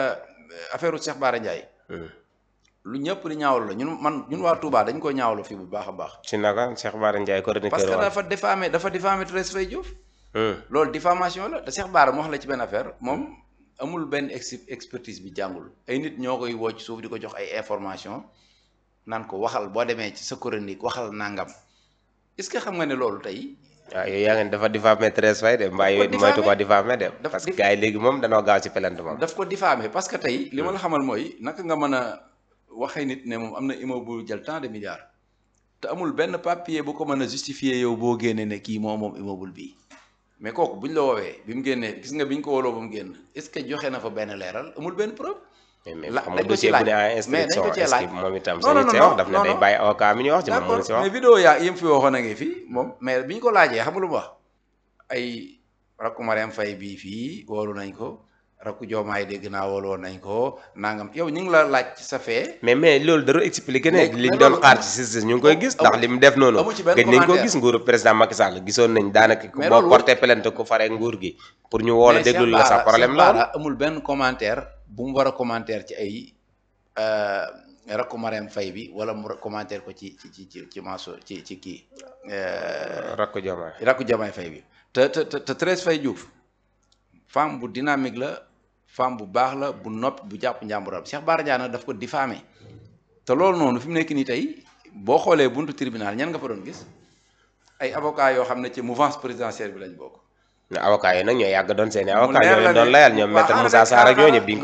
Euh, affaire u Cheikh Bara hmm. lu ñëpp di ñaawlu la ñun man ñun waa Touba dañ koo ñaawlu fii bu baax a baax ci naka Cheikh Bara Ndiaye chroniqueur parce que dafa diffamé dafa diffamé Thérèse Faye Diouf hmm. loolu diffamation la te Cheikh Bara mu wax la ci benn affaire moom amul benn expertise bi jàngul ay nit ñoo koy woo ci suuf di ko jox ay information naan ko waxal boo demee ci sa chronique waxal nangam est-ce que xam nga ne loolu tey waa ah, yooyu yaa ngeen dafa diffamé Thérèse Faye de mbaa yooyu moytu ko diffamé de parce que léegi moom danoo gaaw ci pelante moom daf ko diffamé parce que tey li ma la hmm. xamal mooy naka nga mën a waxee nit ne moom am na immeuble bu jël tant de milliards te amul benn papier bu ko mën a justifier yow boo génnee ne kii moom moom immeuble bii mais kooku buñ la woowee bi mu génnee gis nga ñu ko woloo ba mu génn est ce que joxe na fa benn leeral amul benn preuve mais mais dossier bu ne en instruction est-ce que moom itam sañu see wax daf ne day bàyyi avocat mi ñu wax ci moom mënu si wax mais vidéo yaa yim fi waxoon a ngi fi moom mais bi ñu ko laajee xam nga lu mu wax ay rakku Mariam Faye bii fii woolu nañ ko rakku Joomaay dégg naa woolu woon nañ ko nangam yow ñu ngi la laaj ci sa fee mais mais loolu dara expliqué ne liñ doon xaar ci justice ñu ngi koy gis ndax li mu def noonu gëj nañ ko gis nguuru président Macky Sall gisoon nañ daanaka boo porté plainte ko faree nguur gi pour ñu woola déglul la sa problème la amul benn commentaire bu mu war a commentaire ci ay euh, rakku Marème fay bi wala mu commentaire ko ci ci ci ci ci ci kii. Euh, rakku Diomaye rakku Diomaye Faye bi te te te Thérèse Faye Diouf femme bu dynamique la femme bu baax la bu nopp bu jàpp njàmburam Cheikh baara Ndiaye nag daf ko di diffamé te loolu noonu fi mu nekk nii tey boo xoolee buntu tribunal ñan nga fa doon gis ay avocat yoo xam ne ci mouvance présidentielle bi lañ bokk. avocat yi nag ñoo yàgg doon seen i avocat ñoo leen doon layal ñoom maître Moussa Sarr ak ñooñu a wax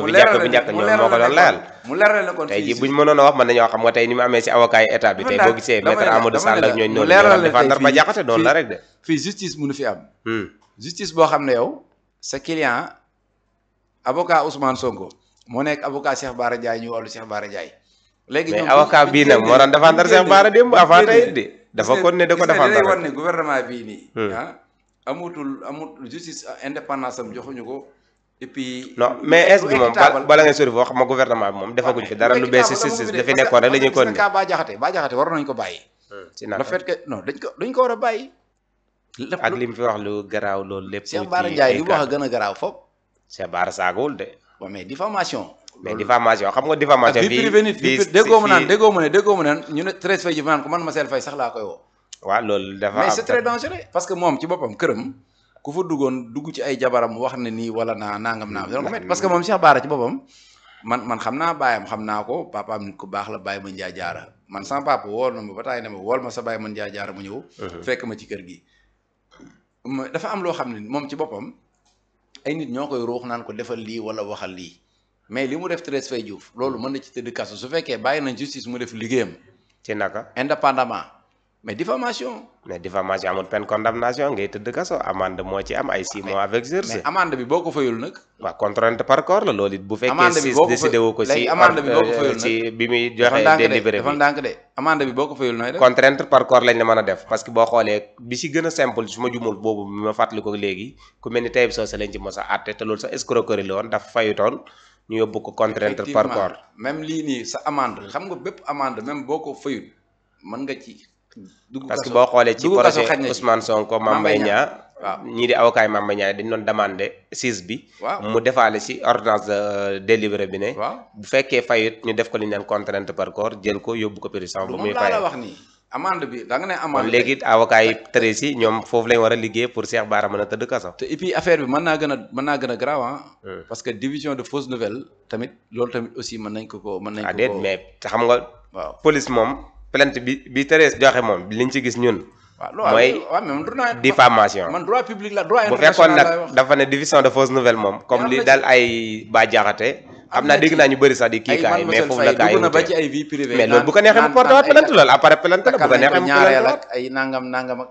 mën nañoo xam nga mu amee tey boo gisee maître Amadou Sall ak ñooñu noonu ñoo défendre ba jaxate doon la rek de fii justice mënu fi am hmm. justice boo xam ne yow sa client avocat Ousmane Sonko moo nekk bii nag moo doon défendre Cheikh Bara démb avant tey de dafa ne da ko défendre gouvernement bii nii hmm. ah, amutul amut justice euh, indépendance am joxuñu ko et puis. non mais est moom bala nga sori xam nga gouvernement bi moom defaguñ fi dara lu bees si si dafa nekkoon rek la ñuy continuer. ba jaxate ba jaxate war nañ ko bàyyi. si hmm, naan le fait dañ ko dañ ko war a bàyyi. ak li mu fi wax lu garaaw loolu lépp. Cheikh Bara Ndiaye li mu wax a gën a garaaw foofu. Cheikh Bara saagawul de. waaw mais diffamation. mais diffamation xam nga diffamation. bii bii déggoo ma naan déggoo ma ne déggoo ma naan ñu ne Thérèse Faye ji ma naan man Marcel Faye sax laa koy wo waaw loolu dafa mais c'est parce que moom ci boppam këram ku fa duggoon dugg ci ay jabaram wax ne nii wala naa nangam naa dana met parce que moom Cheikh Bara ci boppam man man xam naa baayam xam naa ko papaam nit ku baax la bàyyi ma Ndiaye jaara man sama papa wool na ma ba taay ne ma wool ma sa bàyyi ma Ndiaye jaara mu ñëw. Uh-huh. fekk ma ci kër gi. dafa am loo xam ne moom ci boppam ay nit ñoo koy ruux naan ko defal lii wala waxal lii mais li mu def Thérèse Faye Diouf loolu mën na ci tëdd kaso su fekkee bàyyi na justice mu def liggéeyam. ci naka indépendamment. mais diffamation mais diffamation amul peine condamnation ngay tëdd kaso amende moo ci am ay six avec sursis mais amende bi boo ko fayul nag waaw contrainte par corps la loolu it bu fekkee décidé wu bi boo ko fayul euh, ci bi muy joxe délibéré dafa ndànk de amende bi boo ko fayul nooy def contrainte par corps lañ la a def parce que boo xoolee bi ci gën a simple su ma jumul boobu bi ma fàttali ko léegi ku mel ni Taïb Socé lañ ci mos a te loolu sax escroquerie la woon dafa fayutoon ñu yóbbu ko contrainte par corps lii nii sa amende xam nga bépp amende même boo ko fayul mën nga ci dugg parce que boo xoolee ci projet Ousmane Sonko Mame Mbaye Niang waaw ñii di awakaay Mame Mbaye Niang dañu doon demandé siis bi. mu defaale si ordonnance de euh, délivré bi ne. bu fekkee fayut ñu def ko li ñu naan contrainte par corps jël ko yóbbu ko prison bu muy fayee wax nii amande bi da nga ne amande léegi avocat yi treize ñoom foofu lañ war a liggéey pour Cheikh Bara mën a tëdd kaso. te et puis affaire bi mën naa gën a mën a grave hmm. parce que division de fausse nouvelle tamit loolu tamit aussi mën nañ ko ko mën nañ ko ah, ko. déet mais xam nga. moom. plainte bi bi Thérèse joxe moom liñ ci gis ñun. waaw mooy diffamation man droit bu fekkoon nag dafa ne diffusion de fausse nouvelle moom comme li dal ay Bah Diakhaté. am naa dégg naa ñu bëri sax di kii kaay mais na ba ci loolu bu neexee mu porté waat plainte loolu après plainte la bu neexee mu ñaareel ak ay nangam nangam ak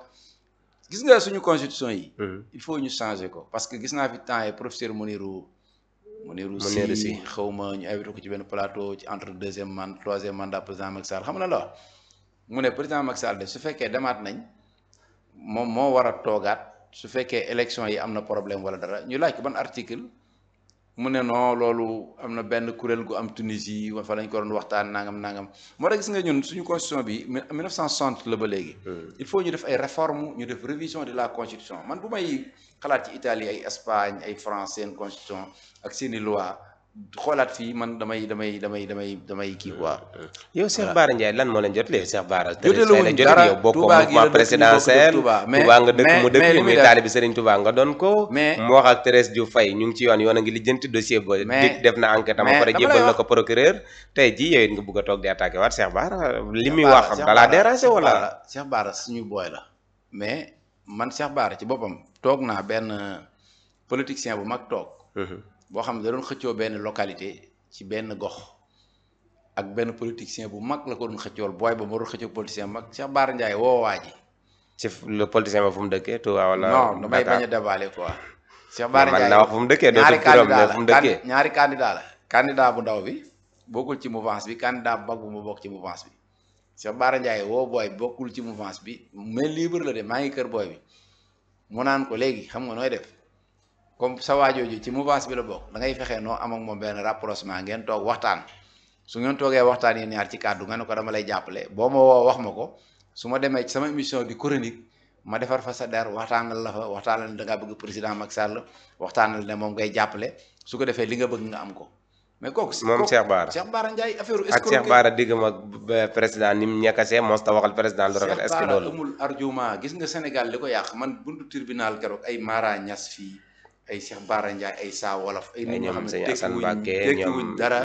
gis nga suñu constitution yi hmm. il faut ñu changer ko parce que gis naa fi temps yi professeur Mounirou Mounirou Sy Mounirou Sy xaw ma ñu invité ko ci benn plateau ci entre deuxième mandat troisième mandat président Macky Sall xam na la mu ne président Macky Sall de su fekkee demaat nañ moom moo war a toogaat su fekkee élection yi am na problème wala dara ñu laaj ko ban article. mu ne non loolu am na benn kuréel gu am Tunisie fa lañ ko doon waxtaan nangam nangam moo tax gis nga ñun suñu constitution bi 1960 la ba léegi. Hmm. il faut ñu def ay réformes ñu def révision de la constitution man bu may xalaat ci Italie ay Espagne ay France seen constitution ak seeni loi xoolaat fii man damay damay damay damay damay kii waaw yow Cheikh Bara Ndiaye lan moo leen jot léegi Cheikh Bara. joteluwuñ dara Touba gi la dëkk Touba mais mais nga dëkk mu dëkk mais taalibi Serigne Touba nga doon ko. mais mu wax ak Thérèse Diouf fay ñu ngi ci yoon yoon a ngi lijjanti dossier ba. mais def na enquête am pare jébbal na ko procureur. tey jii yow it nga bugg a toog di attaqué waat Cheikh Bara li muy wax dalaa déranger wala. Cheikh Bara suñu booy la mais man Cheikh baara ci boppam toog naa benn politicien bu mag toog. Mhm. boo xam ne da doon xëccoo benn localité ci benn gox ak benn politicien bu mag la ko doon xëccool booy ba moo doon xëccoo politicien bu mag Cheikh Bara Ndiaye woo le politicien fu mu dëkkee Touba wala. non damay a dabaale quoi. Cheikh Bara Ndiaye mu dëkkee dootul turam mais fu ñaari candidat la candidat bu ndaw bi bokkul ci mouvance bi candidat bu mag bu ma bokk ci mouvance bi. Cheikh Bara Ndiaye woo booy bokkul ci mouvance bi mais libre la de maa ngi kër booy bi mu naan ko léegi xam nga nooy def. comme sa waajooju ci mouvance bi la bokk da ngay fexe noo am ak moom benn rapprochement toog waxtaan su ngeen toogee waxtaan yi ñaar ci kàddu nga ne ko dama lay jàppale boo woo wax ma ko su ma demee ci sama émission di chronique ma defar fa sa der waxtaanal la fa waxtaanal da ngaa bëgg président Macky Sall waxtaanal ne moom ngay jàppale su ko defee li nga bëgg nga am ko. mais kooku si moom Cheikh Bara Cheikh affaire est-ce que ak Cheikh ni mu ñàkkasee mos ta waxal président lu rafet est-ce que loolu amul arjuma gis nga Sénégal li ko yàq man buntu tribunal keroog ay Mara ñas fii ay Cheikh Bara Ndiaye ay Saa Wolof. ay nit ñoo xam ne tekkiwuñ tekkiwuñ dara